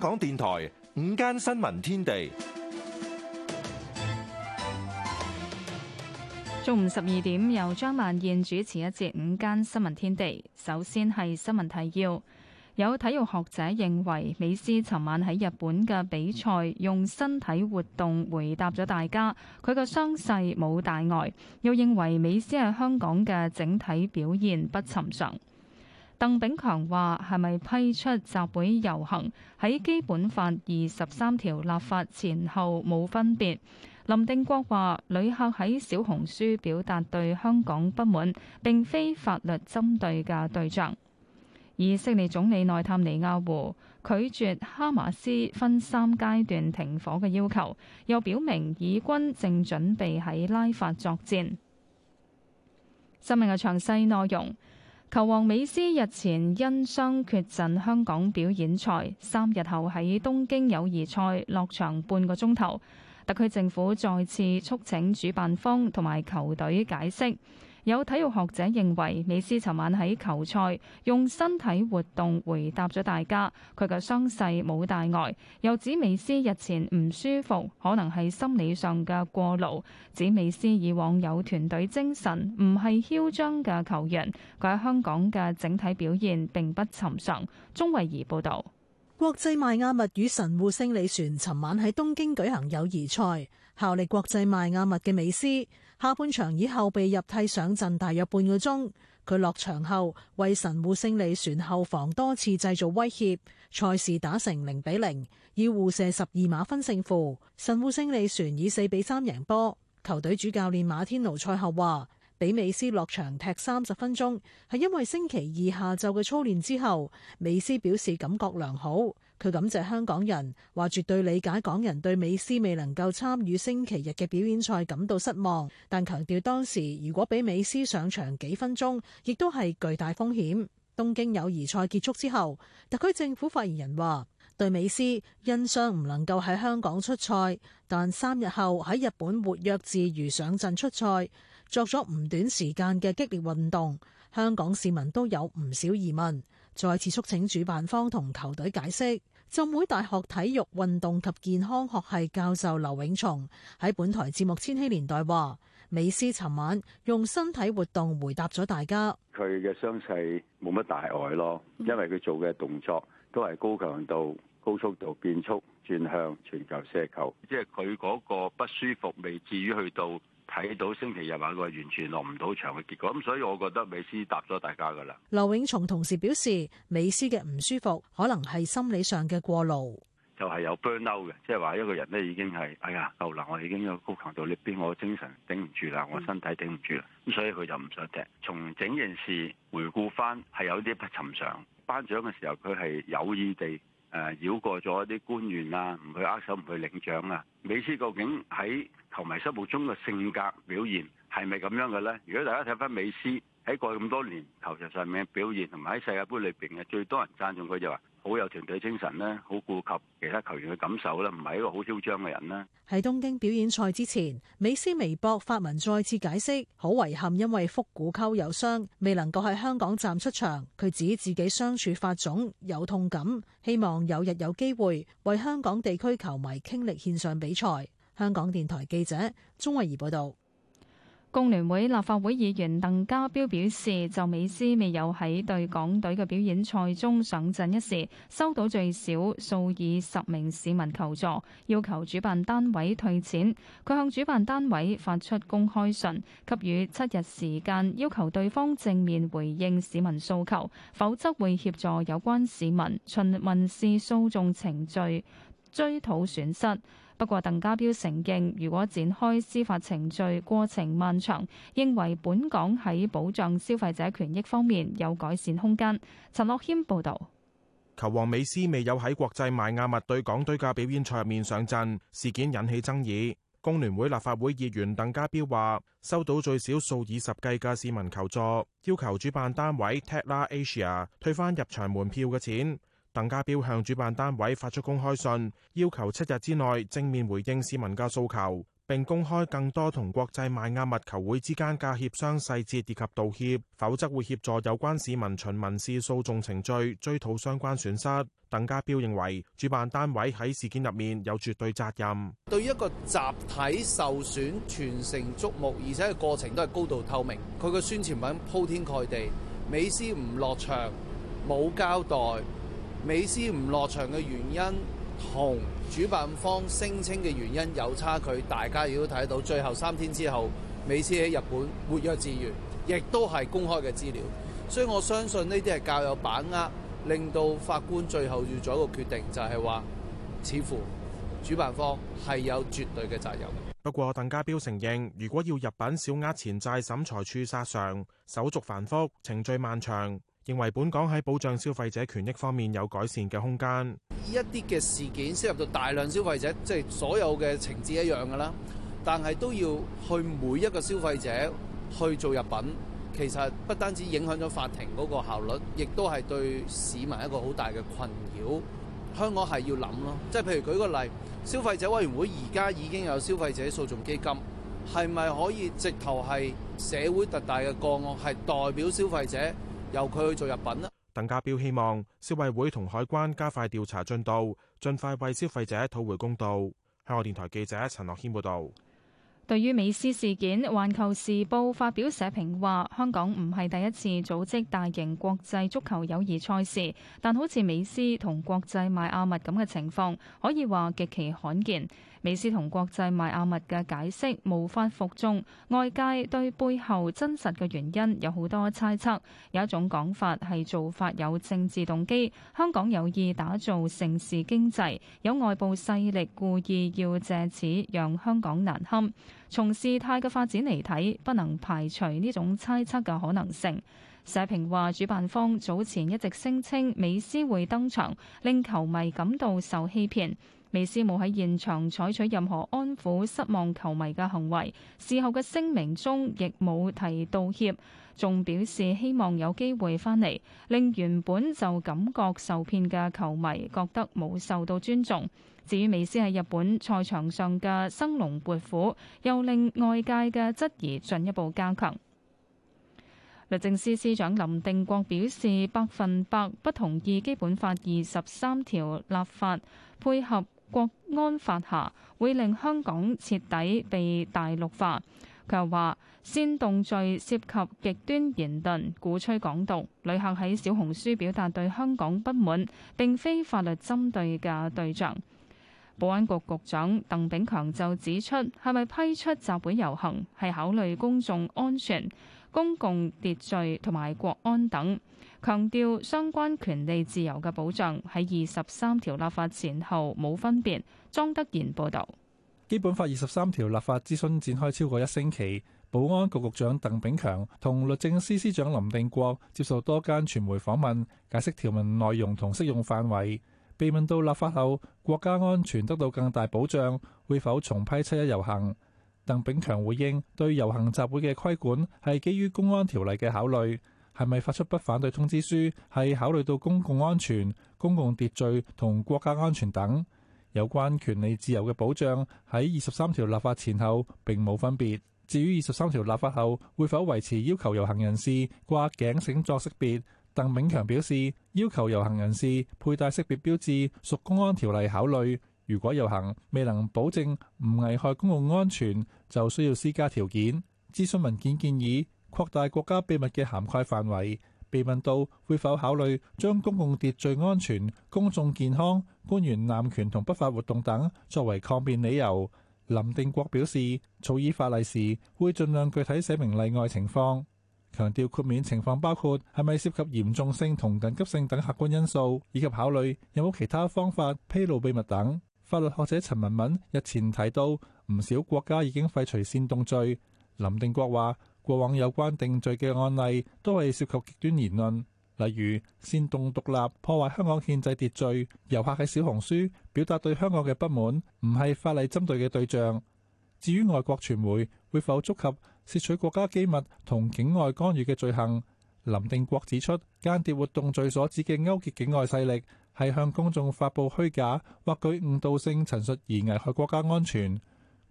香港電台午間新聞天地，中午十二點由張曼燕主持一節午間新聞天地。首先係新聞提要，有體育學者認為美斯尋晚喺日本嘅比賽用身體活動回答咗大家，佢嘅傷勢冇大礙。又認為美斯喺香港嘅整體表現不尋常。鄧炳強話：係咪批出集會遊行喺基本法二十三條立法前後冇分別？林定國話：旅客喺小紅書表達對香港不滿，並非法律針對嘅對象。以色列總理內塔尼亞胡拒絕哈馬斯分三階段停火嘅要求，又表明以軍正準備喺拉法作戰。新聞嘅詳細內容。球王美斯日前因傷缺陣香港表演賽，三日後喺東京友誼賽落場半個鐘頭，特區政府再次促請主辦方同埋球隊解釋。有體育學者認為，美斯尋晚喺球賽用身體活動回答咗大家，佢嘅傷勢冇大礙。又指美斯日前唔舒服，可能係心理上嘅過勞。指美斯以往有團隊精神，唔係囂張嘅球員。佢喺香港嘅整體表現並不尋常。鍾慧儀報導，國際邁阿密與神戶勝利船尋晚喺東京舉行友誼賽，效力國際邁阿密嘅美斯。下半場以後被入替上陣大約半個鐘，佢落場後為神戶勝利船後防多次製造威脅。賽事打成零比零，以互射十二碼分勝負。神戶勝利船以四比三贏波。球隊主教練馬天奴賽後話，畀美斯落場踢三十分鐘係因為星期二下晝嘅操練之後，美斯表示感覺良好。佢感謝香港人，話絕對理解港人對美斯未能夠參與星期日嘅表演賽感到失望，但強調當時如果俾美斯上場幾分鐘，亦都係巨大風險。東京友誼賽結束之後，特區政府發言人話：對美斯因傷唔能夠喺香港出賽，但三日後喺日本活躍自如上陣出賽，作咗唔短時間嘅激烈運動。香港市民都有唔少疑問，再次促請主辦方同球隊解釋。浸會大學體育運動及健康學系教授劉永松喺本台節目《千禧年代》話：美斯尋晚用身體活動回答咗大家，佢嘅傷勢冇乜大礙咯，因為佢做嘅動作都係高強度、高速度、變速、轉向、傳球、射球，即係佢嗰個不舒服未至於去到。睇到星期日話佢完全落唔到場嘅結果，咁所以我覺得美斯答咗大家噶啦。劉永松同時表示，美斯嘅唔舒服可能係心理上嘅過勞，就係有 burnout 嘅，即係話一個人咧已經係哎呀夠啦，我已經有高強度呢邊，我精神頂唔住啦，我身體頂唔住啦，咁所以佢就唔想踢。從整件事回顧翻係有啲不尋常。頒獎嘅時候，佢係有意地。誒繞過咗一啲官員啊，唔去握手，唔去領獎啊！美斯究竟喺球迷心目中嘅性格表現係咪咁樣嘅咧？如果大家睇翻美斯喺過去咁多年球場上面嘅表現，同埋喺世界盃裏面嘅最多人讚重佢就話，是好有團隊精神，好顧及其他球員嘅感受啦，唔係一個好誇張嘅人啦。喺東京表演賽之前，美斯微博發文再次解釋：好遺憾因為腹股溝有傷，未能夠喺香港站出場。佢指自己相處發腫，有痛感，希望有日有機會為香港地區球迷傾力獻上比賽。香港電台記者鍾慧儀報道。工聯會立法會議員鄧家彪表示，就美斯未有喺對港隊嘅表演賽中上陣一事，收到最少數以十名市民求助，要求主辦單位退錢。佢向主辦單位發出公開信，給予七日時間，要求對方正面回應市民訴求，否則會協助有關市民循民事訴訟程序追討損失。不過，鄧家彪承認，如果展開司法程序，過程漫長，認為本港喺保障消費者權益方面有改善空間。陳樂軒報導。球王美斯未有喺國際邁阿密對港隊嘅表演賽入面上陣，事件引起爭議。工聯會立法會議員鄧家彪話：收到最少數以十計嘅市民求助，要求主辦單位 Tatler Asia 退翻入場門票嘅錢。鄧家彪向主辦單位發出公開信，要求七日之內正面回應市民嘅訴求，並公開更多同國際邁阿密球會之間嘅協商細節以及道歉，否則會協助有關市民循民事訴訟程序追討相關損失。鄧家彪認為主辦單位喺事件入面有絕對責任。對一個集體受損、全城矚目，而且個過程都係高度透明，佢嘅宣傳品鋪天蓋地，美斯唔落場冇交代。美斯唔落場嘅原因同主辦方聲稱嘅原因有差距，大家亦都睇到，最後三天之後，美斯喺日本活躍自如，亦都係公開嘅資料，所以我相信呢啲係較有把握，令到法官最後要做一個決定，就係話，似乎主辦方係有絕對嘅責任。不過，鄧家彪承認，如果要入禀小額錢債審裁處索償，手續繁複，程序漫長。認為本港喺保障消費者權益方面有改善嘅空間。呢一啲嘅事件涉及到大量消費者，即係所有嘅情節一樣噶啦。但係都要去每一個消費者去做入禀，其實不單止影響咗法庭嗰個效率，亦都係對市民一個好大嘅困擾。香港係要諗咯，即係譬如舉個例，消費者委員會而家已經有消費者訴訟基金，係咪可以直頭係社會特大嘅個案，係代表消費者？由佢去做入品啦。鄧家彪，希望消委會同海關加快調查進度，盡快為消費者討回公道。香港電台記者陳樂謙報道。對於美斯事件，《環球時報》發表社評話香港唔係第一次組織大型國際足球友誼賽事，但好似美斯同國際邁阿密咁嘅情況可以話極其罕見。美斯同國際邁阿密嘅解釋無法服眾，外界對背後真實嘅原因有好多猜測，有一種講法係做法有政治動機，香港有意打造城市經濟，有外部勢力故意要借此讓香港難堪。從事態嘅發展嚟睇，不能排除呢種猜測嘅可能性。社評話，主辦方早前一直聲稱美斯會登場，令球迷感到受欺騙。美斯冇喺現場採取任何安撫失望球迷嘅行為，事後嘅聲明中亦冇提道歉，仲表示希望有機會翻嚟，令原本就感覺受騙嘅球迷覺得冇受到尊重。至於美斯喺日本賽場上嘅生龍活虎，又令外界嘅質疑進一步加強。律政司司長林定國表示，百分百不同意基本法二十三條立法配合。國安法下會令香港徹底被大陸化。佢又話：煽動罪涉及極端言論、鼓吹港獨、旅客喺小紅書表達對香港不滿，並非法律針對嘅對象。保安局局長鄧炳強就指出：係咪批出集會遊行，係考慮公眾安全、公共秩序同埋國安等。強調相關權利自由嘅保障喺二十三條立法前後冇分別。莊德賢報導，基本法二十三條立法諮詢展開超過一星期，保安局局長鄧炳強同律政司司長林定國接受多間傳媒訪問，解釋條文內容同適用範圍。被問到立法後國家安全得到更大保障，會否重批七一遊行？鄧炳強回應：對遊行集會嘅規管係基於公安條例嘅考慮。係咪發出不反對通知書？係考慮到公共安全、公共秩序同國家安全等有關權利自由嘅保障，喺二十三條立法前後並冇分別。至於二十三條立法後會否維持要求遊行人士掛頸繩作識別？鄧炳強表示，要求遊行人士佩戴識別標誌屬公安條例考慮。如果遊行未能保證唔危害公共安全，就需要施加條件。諮詢文件建議，擴大國家秘密嘅涵蓋範圍，被問到會否考慮將公共秩序、安全、公眾健康、官員濫權同不法活動等作為抗辯理由。林定國表示，草擬法例時會盡量具體寫明例外情況，強調豁免情況包括係咪涉及嚴重性同緊急性等客觀因素，以及考慮有冇其他方法披露秘密等。法律學者陳文敏日前提到，唔少國家已經廢除煽動罪。林定國話。過往有關定罪嘅案例都係涉及極端言論，例如煽動獨立、破壞香港憲制秩序。遊客喺小紅書表達對香港嘅不滿，唔係法例針對嘅對象。至於外國傳媒會否觸及竊取國家機密同境外干預嘅罪行？林定國指出，間諜活動罪所指嘅勾結境外勢力，係向公眾發佈虛假或具誤導性陳述而危害國家安全。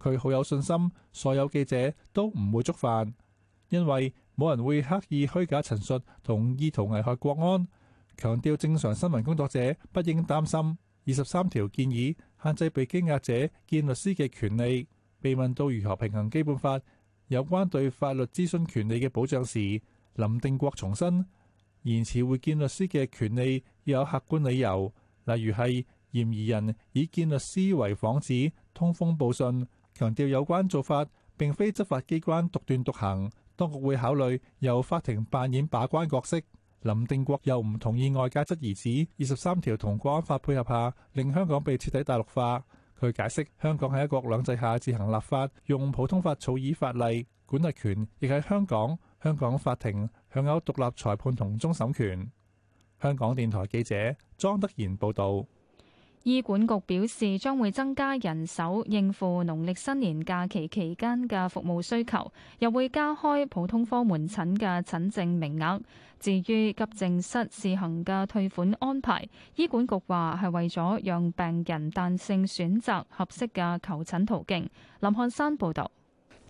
佢好有信心，所有記者都唔會觸犯。因為冇人會刻意虛假陳述，同意圖危害國安。強調正常新聞工作者不應擔心。二十三條建議限制被羈押者見律師嘅權利。被問到如何平衡基本法有關對法律諮詢權利嘅保障時，林定國重申延遲會見律師嘅權利要有客觀理由，例如係嫌疑人以見律師為幌子通風報信。強調有關做法並非執法機關獨斷獨行。當局會考慮由法庭扮演把關角色。林定國又唔同意外界質疑指二十三條同《國安法》配合下令香港被徹底大陸化。佢解釋香港喺一國兩制下自行立法，用普通法草擬法例，管轄權亦喺香港。香港法庭享有獨立裁判同終審權。香港電台記者莊德賢報導。醫管局表示，將會增加人手應付農曆新年假期期間嘅服務需求，又會加開普通科門診嘅診症名額。至於急症室試行嘅退款安排，醫管局話係為咗讓病人彈性選擇合適嘅求診途徑。林漢山報道。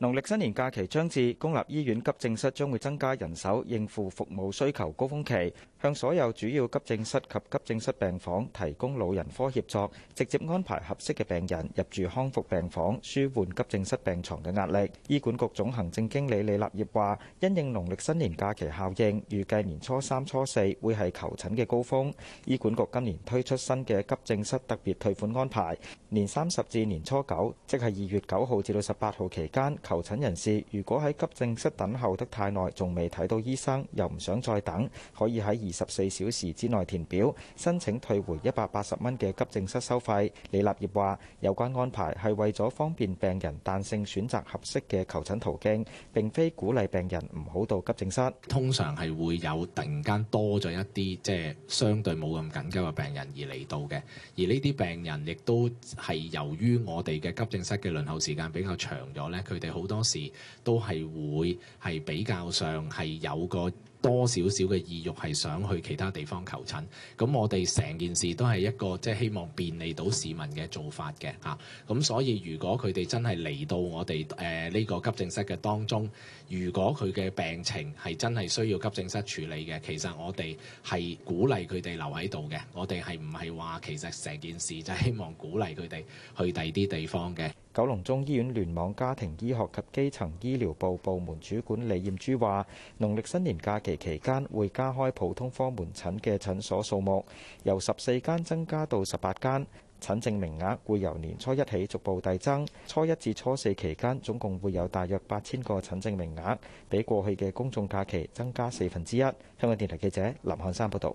農曆新年假期將至，公立醫院急症室將會增加人手應付服務需求高峰期，向所有主要急症室及急症室病房提供老人科協助，直接安排合適嘅病人入住康復病房，舒緩急症室病床嘅壓力。醫管局總行政經理李立業話，因應農曆新年假期效應，預計年初三、初四會係求診嘅高峰。醫管局今年推出新嘅急症室特別退款安排，年三十至年初九，即係二月九號至到十八號期間。求診人士如果喺急症室等候得太耐，仲未睇到醫生，又唔想再等，可以喺二十四小時之內填表，申請退回一百八十蚊嘅急症室收費。李立業話：有關安排係為咗方便病人彈性選擇合適嘅求診途徑，並非鼓勵病人唔好到急症室。通常係會有突然間多咗一啲，即係相對冇咁緊急嘅病人而嚟到嘅，而呢啲病人亦都係由於我哋嘅急症室嘅輪候時間比較長咗呢，佢哋好。好多時都係會係比較上係有個多少少嘅意欲係想去其他地方求診，咁我哋成件事都係一個即係、就是、希望便利到市民嘅做法嘅嚇，咁所以如果佢哋真係嚟到我哋誒呢個急症室嘅當中，如果佢嘅病情係真係需要急症室處理嘅，其實我哋係鼓勵佢哋留喺度嘅，我哋係唔係話其實成件事就係希望鼓勵佢哋去第二啲地方嘅。九龍中醫院聯網家庭醫學及基層醫療部部門主管李豔珠話，農曆新年假期期間會加開普通科門診嘅診所數目，由十四間增加到十八間。診症名額會由年初一起逐步遞增，初一至初四期間總共會有大約八千個診症名額，比過去嘅公眾假期增加四分之一。香港電台記者林漢山報導。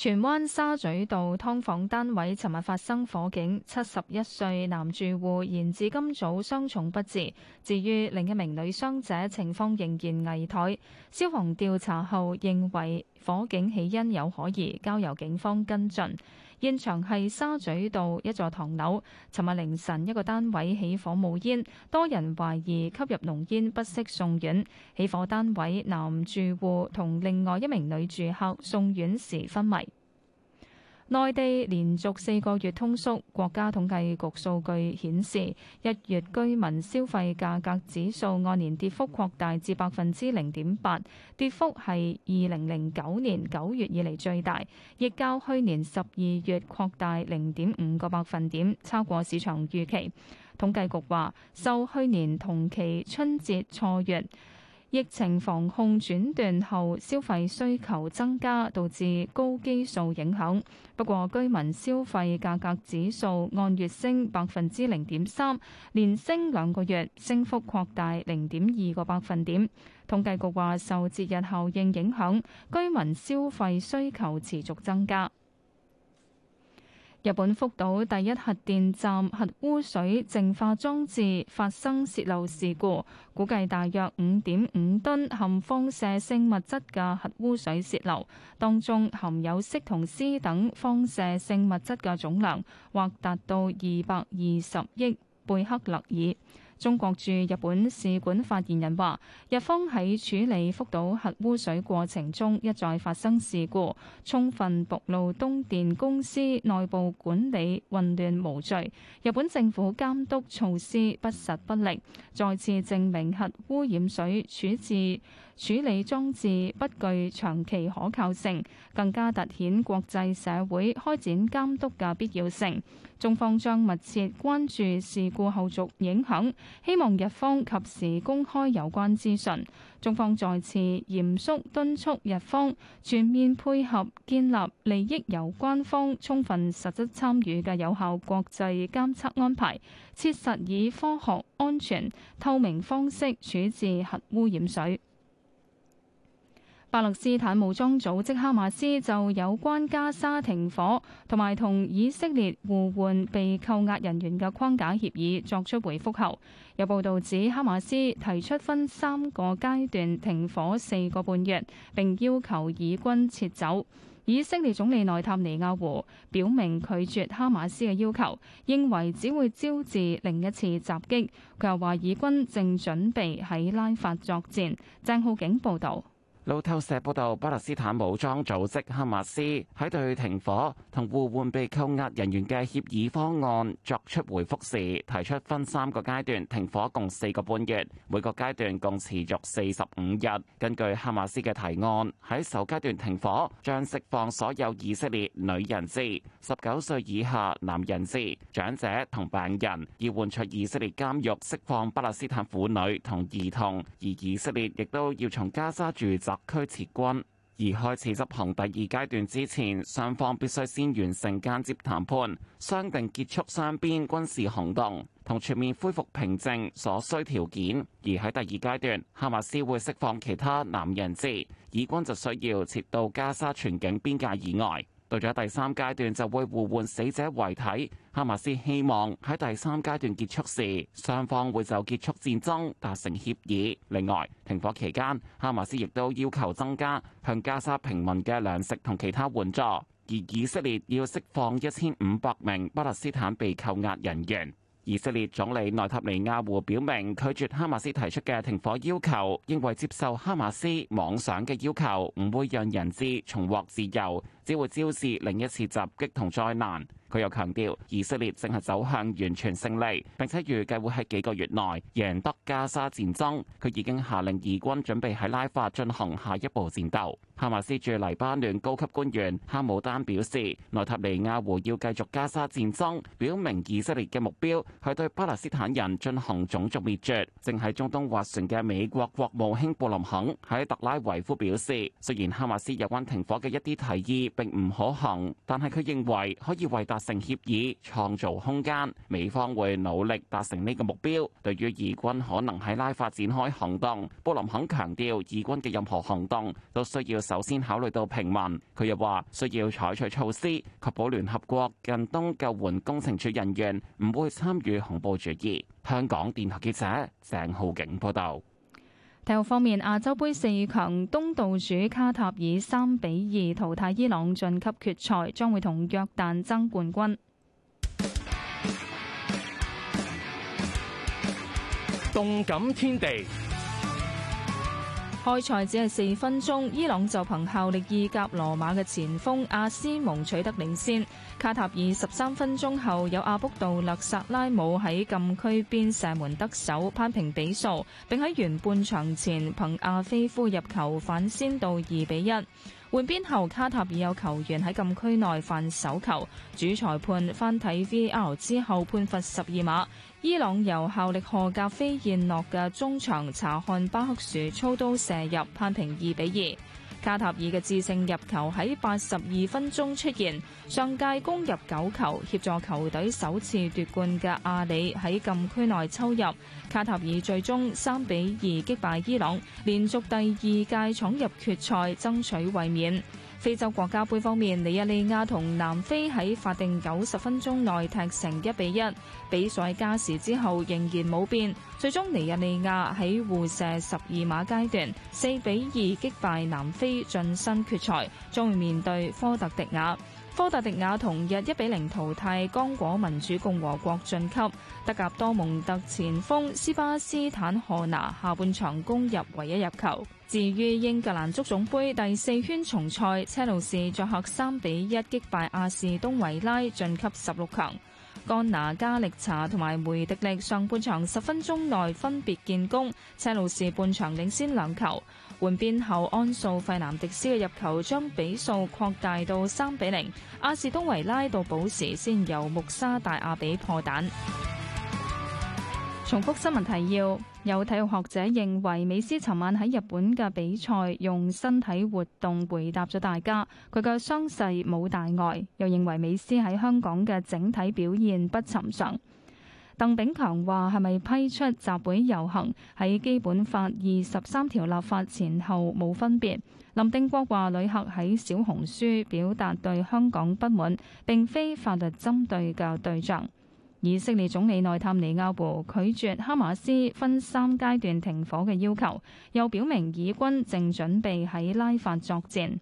荃灣沙咀道㓥房單位尋日發生火警，七十一歲男住戶延至今早傷重不治。至於另一名女傷者情況仍然危殆。消防調查後認為，火警起因有可疑，交由警方跟進。現場係沙咀道一座唐樓，尋日凌晨一個單位起火冒煙，多人懷疑吸入濃煙不適送院。起火單位男住戶同另外一名女住客送院時昏迷。內地連續四個月通縮。國家統計局數據顯示，一月居民消費價格指數按年跌幅擴大至百分之零點八，跌幅係二零零九年九月以嚟最大，亦較去年十二月擴大零點五個百分點，超過市場預期。統計局話，受去年同期春節錯月。疫情防控轉段後，消費需求增加，導致高基數影響。不過，居民消費價格指數按月升百分之零點三，連升兩個月，升幅擴大零點二個百分點。統計局話，受節日效應影響，居民消費需求持續增加。日本福島第一核電站核污水淨化裝置發生洩漏事故，估計大約五點五噸含放射性物質嘅核污水洩漏，當中含有銫同鍶等放射性物質嘅總量或達到二百二十億貝克勒爾。中國駐日本使館發言人話，日方喺處理福島核污水過程中一再發生事故，充分暴露東電公司內部管理，混亂無序，日本政府監督措施不實不力，再次證明核污染水處置處理裝置不具長期可靠性，更加突顯國際社會開展監督嘅必要性。中方將密切關注事故後續影響，希望日方及時公開有關資訊。中方再次嚴肅敦促日方全面配合，建立利益有關方充分、實質參與嘅有效國際監測安排，切實以科學、安全、透明方式處置核污染水。巴勒斯坦武裝組織哈馬斯就有關加沙停火同埋同以色列互換被扣押人員嘅框架協議作出回覆後，有報道指哈馬斯提出分三個階段停火四個半月，並要求以軍撤走。以色列總理內塔尼亞胡表明拒絕哈馬斯嘅要求，認為只會招致另一次襲擊。佢又話，以軍正準備喺拉法作戰。鄭浩景報道。路透社報道，巴勒斯坦武裝組織哈馬斯喺對停火同互換被扣押人員嘅協議方案作出回覆時，提出分三個階段停火，共四個半月，每個階段共持續四十五日。根據哈馬斯嘅提案，喺首階段停火，將釋放所有以色列女人質、十九歲以下男人質、長者同病人，以換取以色列監獄釋放巴勒斯坦婦女同兒童。而以色列亦都要從加沙住宅驅撤軍，而開始執行第二階段之前，雙方必須先完成間接談判，商定結束雙邊軍事行動同全面恢復平靜所需條件。而喺第二階段，哈馬斯會釋放其他男人質，以軍就需要撤到加沙全境邊界以外。到咗第三階段就會互換死者遺體。哈馬斯希望喺第三階段結束時，雙方會就結束戰爭達成協議，另外，停火期間哈馬斯亦都要求增加向加沙平民嘅糧食同其他援助，而以色列要釋放一千五百名巴勒斯坦被扣押人員，以色列總理內塔尼亞胡表明拒絕哈馬斯提出嘅停火要求，認為接受哈馬斯妄想嘅要求唔會讓人質重獲自由。只會招致另一次襲擊同災難。佢又強調，以色列正係走向完全勝利，並且預計會喺幾個月內贏得加沙戰爭。佢已經下令以軍準備喺拉法進行下一步戰鬥。哈馬斯駐黎巴嫩高級官員哈姆丹表示，內塔尼亞胡要繼續加沙戰爭，表明以色列嘅目標係對巴勒斯坦人進行種族滅絕。正喺中東斡旋嘅美國國務卿布林肯喺特拉維夫表示，雖然哈馬斯有關停火嘅一啲提議，並唔可行，但係佢認為可以為達成協議創造空間。美方會努力達成呢個目標。對於以軍可能喺拉法展開行動，布林肯強調，以軍嘅任何行動都需要首先考慮到平民。佢又話，需要採取措施確保聯合國近東救援工程處人員唔會參與恐怖主義。香港電台記者鄭浩景報道。體育方面，亞洲杯四強東道主卡塔爾三比二淘汰伊朗晉級決賽，將會同約旦爭冠軍。動感天地。開賽只係四分鐘，伊朗就憑效力意甲羅馬嘅前鋒阿斯蒙取得領先。卡塔爾十三分鐘後有阿卜杜勒薩拉姆喺禁區邊射門得手，扳平比數，並喺完半場前憑阿菲夫入球反先到二比一。換邊後，卡塔爾有球員喺禁區內犯手球，主裁判翻睇 VAR 之後判罰十二碼。伊朗由效力荷甲飛燕諾嘅中場查漢巴克樹操刀射入攀平2比2，判平二比二。卡塔爾嘅致勝入球喺八十二分鐘出現，上屆攻入九球協助球隊首次奪冠嘅阿里喺禁區內抽入，卡塔爾最終三比二擊敗伊朗，連續第二屆闖入決賽爭取衛冕。非洲國家杯方面，尼日利亞同南非喺法定九十分鐘內踢成一比一，比賽加時之後仍然冇變，最終尼日利亞喺互射十二碼階段四比二擊敗南非晉身決賽，將要面對科特迪瓦。科特迪瓦同日一比零淘汰剛果民主共和國晉級，德甲多蒙特前鋒斯巴斯坦赫拿下半場攻入唯一入球。至於英格蘭足總杯第四圈重賽，車路士作客三比一擊敗亞士東維拉晉級十六強，甘拿加力查同埋梅迪力上半場十分鐘內分別建功，車路士半場領先兩球。換邊後，安素費南迪斯嘅入球將比數擴大到三比零。阿士東維拉到補時先由穆沙大阿比破蛋。重複新聞提要：有體育學者認為，美斯尋晚喺日本嘅比賽用身體活動回答咗大家，佢嘅傷勢冇大礙，又認為美斯喺香港嘅整體表現不尋常。鄧炳強話：係咪批出集會遊行喺基本法二十三條立法前後冇分別？林定國話：旅客喺小紅書表達對香港不滿，並非法律針對嘅對象。以色列總理內塔尼亞胡拒絕哈馬斯分三階段停火嘅要求，又表明以軍正準備喺拉法作戰。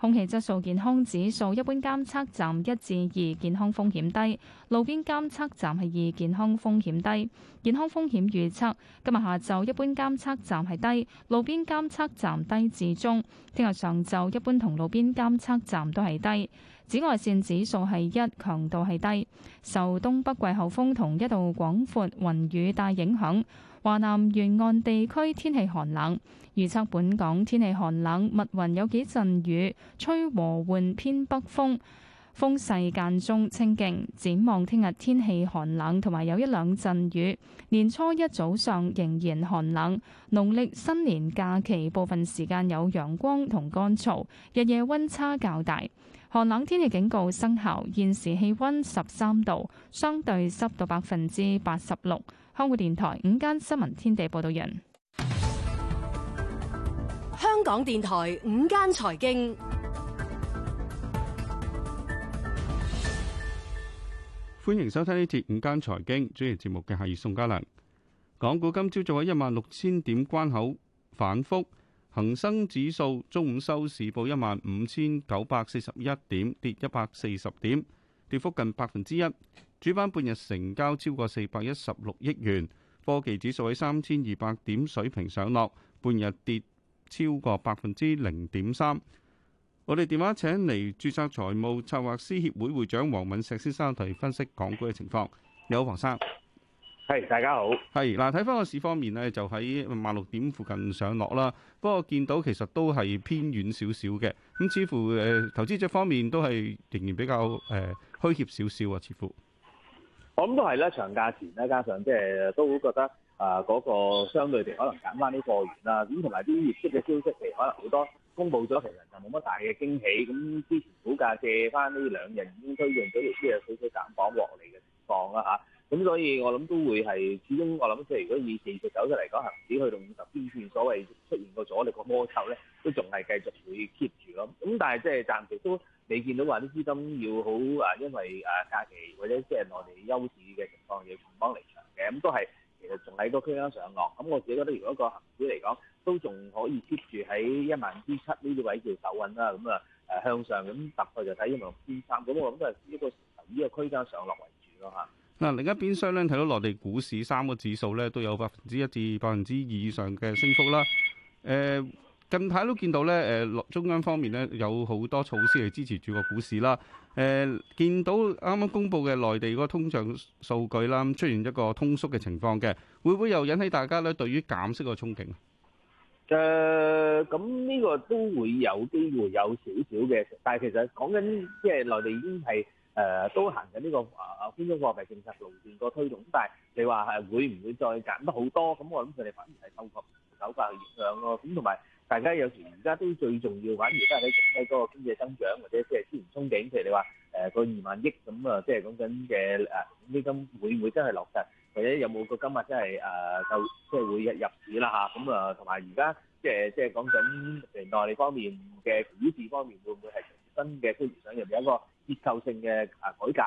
空氣質素健康指數一般監測站一至二，健康風險低；路邊監測站係二，健康風險低。健康風險預測今日下晝一般監測站係低，路邊監測站低至中。聽日上晝一般同路邊監測站都係低。紫外線指數係一，強度係低，受東北季候風同一度廣闊雲雨帶影響。華南沿岸地區天氣寒冷，預測本港天氣寒冷，密雲有幾陣雨，吹和緩偏北風，風勢間中清勁。展望聽日天氣寒冷，同埋有，有一兩陣雨。年初一早上仍然寒冷。農曆新年假期部分時間有陽光同乾燥，日夜溫差較大。寒冷天氣警告生效。現時氣溫十三度，相對濕度百分之八十六。香港電台午間新聞天地報道人，香港電台午間財經。歡迎收聽呢節午間財經，主持節目嘅係宋嘉良。港股今朝早喺一萬六千點關口反復，恆生指數中午收市報一萬五千九百四十一點，跌一百四十點，跌幅近百分之一。主板半日成交超過四百一十六億元，科技指數喺三千二百點水平上落，半日跌超過百分之零點三。我哋電話請嚟，註冊財務策劃師協會會長黃敏石先生提分析港股嘅情況。你好，黃生，係、hey, 大家好，係嗱。睇翻個市方面呢，就喺萬六點附近上落啦。不過見到其實都係偏軟少少嘅，咁似乎誒、呃，投資者方面都係仍然比較誒虛怯少少啊，似乎。我諗都係咧，長假前咧，加上即係都會覺得啊，嗰、那個相對地可能減翻啲貨源啦、啊，咁同埋啲業績嘅消息，譬如可能好多公布咗，其實就冇乜大嘅驚喜。咁、嗯、之前股價借翻呢兩日已經推進咗，亦都有少少減磅獲利嘅情況啦、啊、咁、啊嗯、所以我諗都會係，始終我諗即係如果以技術走出嚟講，恆指去到五十邊線，所謂出現個阻力個魔咒咧，都仲係繼續會 keep 住咁。咁、嗯、但係即係暫時都。你見到話啲資金要好啊，因為啊假期或者即係內地休市嘅情況要重幫離場嘅，咁都係其實仲喺個區間上落。咁我自己覺得，如果個恆指嚟講都仲可以 keep 住喺一萬之七呢啲位做走穩啦。咁啊誒向上咁，突破就睇因為邊三股咯，咁我諗都係依個依個區間上落為主咯嚇。嗱，另一邊商咧，睇到內地股市三個指數咧都有百分之一至百分之二以上嘅升幅啦，誒、嗯。嗯近排都見到咧，誒，中央方面咧有好多措施嚟支持住個股市啦。誒，見到啱啱公布嘅內地嗰個通脹數據啦，出現一個通縮嘅情況嘅，會唔會又引起大家咧對於減息個憧憬？誒，咁呢個都會有機會有少少嘅，但係其實講緊即係內地已經係誒都行緊呢個啊寬鬆貨幣政策路線個推動，但係你話係會唔會再減得好多？咁我諗佢哋反而係透過手法去影響咯。咁同埋。大家有時而家都最重要，反而而家喺整喺嗰個經濟增長，或者即係資源憧憬，譬如你話誒個二萬億咁啊，即係講緊嘅誒基金會唔會真係落實，或者有冇個金額真係誒就，即係會入市啦嚇。咁啊，同埋而家即係即係講緊誒內地方面嘅股市方面，會唔會係新嘅資源上入有一個結構性嘅誒改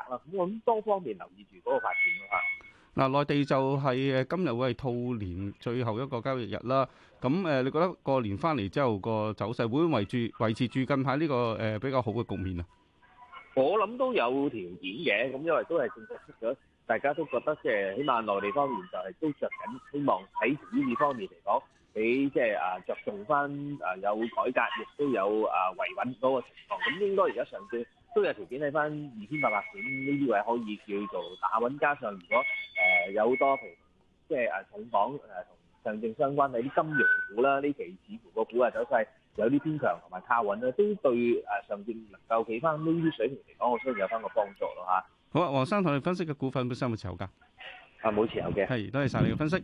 革啦？咁我諗多方面留意住嗰個發展嚇。嗱，內地就係誒今日會係兔年最後一個交易日啦。咁誒，你覺得過年翻嚟之後個走勢會唔會維住維持住近排呢個誒比較好嘅局面啊？我諗都有條件嘅，咁因為都係政策出咗，大家都覺得即係起碼內地方面就係都著緊，希望喺呢啲方面嚟講，喺即係啊著重翻啊有改革，亦都有啊維穩嗰個情況。咁應該而家上次都有條件喺翻二千八百點呢啲位可以叫做打穩，加上如果誒有好多譬如即係啊重磅誒。上證相關嘅啲金融股啦，呢期似乎個股啊走勢有啲偏強同埋靠穩啦，都對誒上證能夠企翻呢啲水平嚟講，我雖然有翻個幫助咯嚇。好啊，黃生同你分析嘅股份本身有冇持有噶？啊，冇持有嘅。係，多謝曬你嘅分析。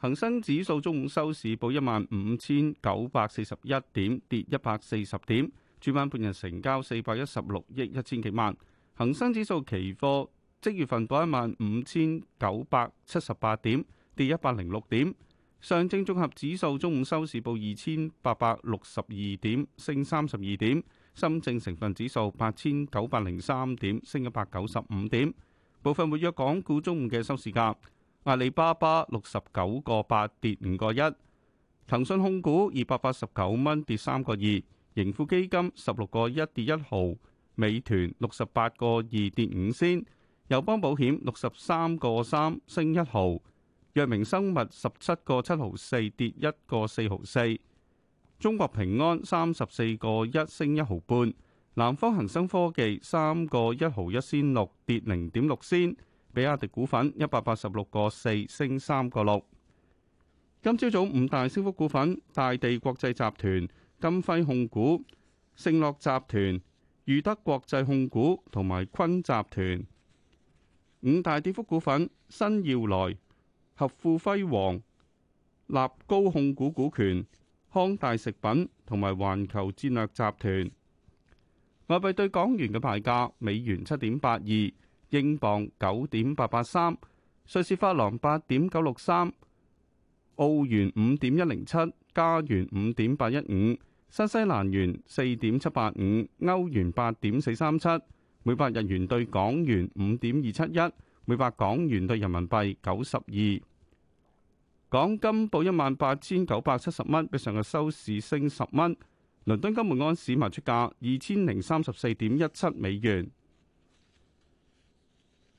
恆生指數中午收市報一萬五千九百四十一點，跌一百四十點。主板半日成交四百一十六億一千幾萬。恆生指數期貨即月份報一萬五千九百七十八點，跌一百零六點。上證綜合指數中午收市報二千八百六十二點，升三十二點。深證成分指數八千九百零三點，升一百九十五點。部分活躍港股中午嘅收市價：阿里巴巴六十九個八跌五個一；騰訊控股二百八十九蚊跌三個二；盈富基金十六個一跌一毫；美團六十八個二跌五仙，友邦保險六十三個三升一毫。藥明生物十七個七毫四跌一個四毫四，中國平安三十四個一升一毫半，南方恒生科技三個一毫一仙六跌零點六仙，比亞迪股份一百八十六個四升三個六。今朝早五大升幅股份：大地國際集團、金輝控股、盛樂集團、裕德國際控股同埋坤集團。五大跌幅股份：新耀來。合富輝煌、立高控股股權、康大食品同埋環球戰略集團。外幣對港元嘅牌價：美元七點八二，英鎊九點八八三，瑞士法郎八點九六三，澳元五點一零七，加元五點八一五，新西蘭元四點七八五，歐元八點四三七，每百日元對港元五點二七一，每百港元對人民幣九十二。港金報一萬八千九百七十蚊，比上日收市升十蚊。倫敦金每安士賣出價二千零三十四點一七美元。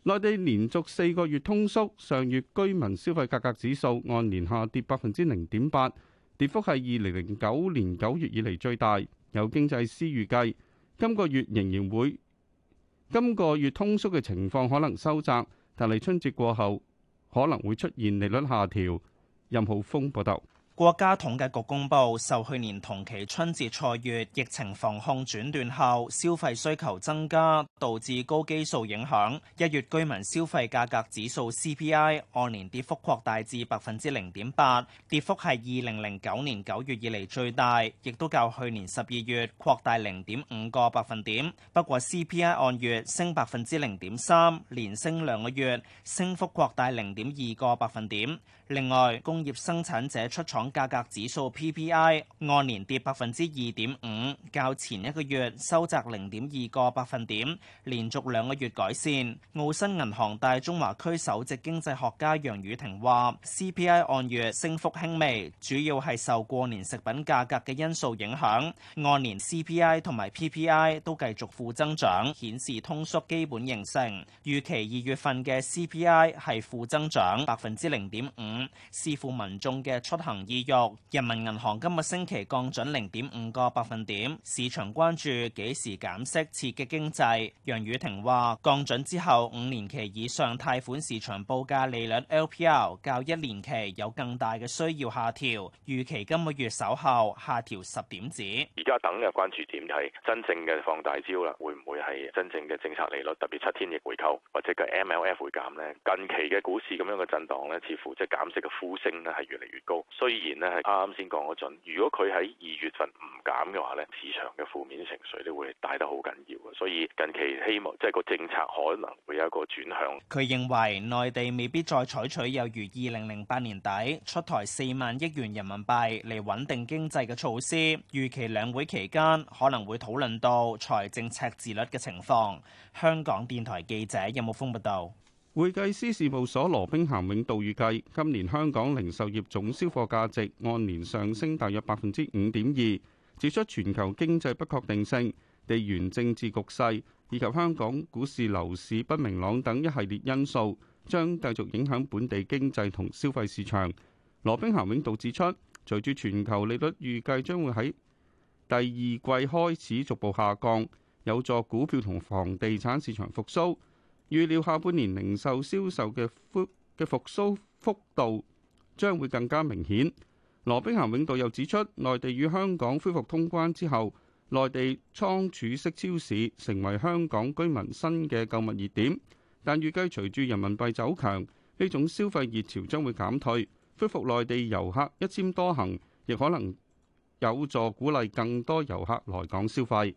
內地連續四個月通縮，上月居民消費價格指數按年下跌百分之零點八，跌幅係二零零九年九月以嚟最大。有經濟師預計今個月仍然會，今個月通縮嘅情況可能收窄，但係春節過後可能會出現利率下調。任浩峰報道，國家統計局公布，受去年同期春節錯月疫情防控轉段後，消費需求增加，導致高基數影響。一月居民消費價格指數 CPI 按年跌幅擴大至百分之零點八，跌幅係二零零九年九月以嚟最大，亦都較去年十二月擴大零點五個百分點。不過 CPI 按月升百分之零點三，連升兩個月，升幅擴大零點二個百分點。另外，工業生產者出廠價格指數 PPI 按年跌百分之二點五，較前一個月收窄零點二個百分點，連續兩個月改善。澳新銀行大中華區首席經濟學家楊宇霆話：CPI 按月升幅輕微，主要係受過年食品價格嘅因素影響。按年 CPI 同埋 PPI 都繼續負增長，顯示通縮基本形成。預期二月份嘅 CPI 係負增長百分之零點五。視乎民眾嘅出行意欲。人民銀行今個星期降準零點五個百分點，市場關注幾時減息刺激經濟。楊宇婷話：降準之後，五年期以上貸款市場報價利率 LPR 較一年期有更大嘅需要下調，預期今個月稍後下調十點子。而家等嘅關注點係真正嘅放大招啦，會唔會係真正嘅政策利率，特別七天逆回購或者個 MLF 會減呢？近期嘅股市咁樣嘅震盪呢，似乎即減，即個呼聲呢，係越嚟越高，雖然呢，係啱啱先講嗰陣，如果佢喺二月份唔減嘅話呢，市場嘅負面情緒都會帶得好緊要啊。所以近期希望即係個政策可能會有一個轉向。佢認為內地未必再採取有如二零零八年底出台四萬億元人民幣嚟穩定經濟嘅措施，預期兩會期間可能會討論到財政赤字率嘅情況。香港電台記者任木峰報道。會計師事務所羅兵咸永道預計，今年香港零售業總銷貨價值按年上升大約百分之五點二。指出全球經濟不確定性、地緣政治局勢以及香港股市樓市不明朗等一系列因素，將繼續影響本地經濟同消費市場。羅兵咸永道指出，隨住全球利率預計將會喺第二季開始逐步下降，有助股票同房地產市場復甦。預料下半年零售銷售嘅復嘅復甦幅度將會更加明顯。羅兵咸永道又指出，內地與香港恢復通關之後，內地倉儲式超市成為香港居民新嘅購物熱點。但預計隨住人民幣走強，呢種消費熱潮將會減退。恢復內地遊客一簽多行，亦可能有助鼓勵更多遊客來港消費。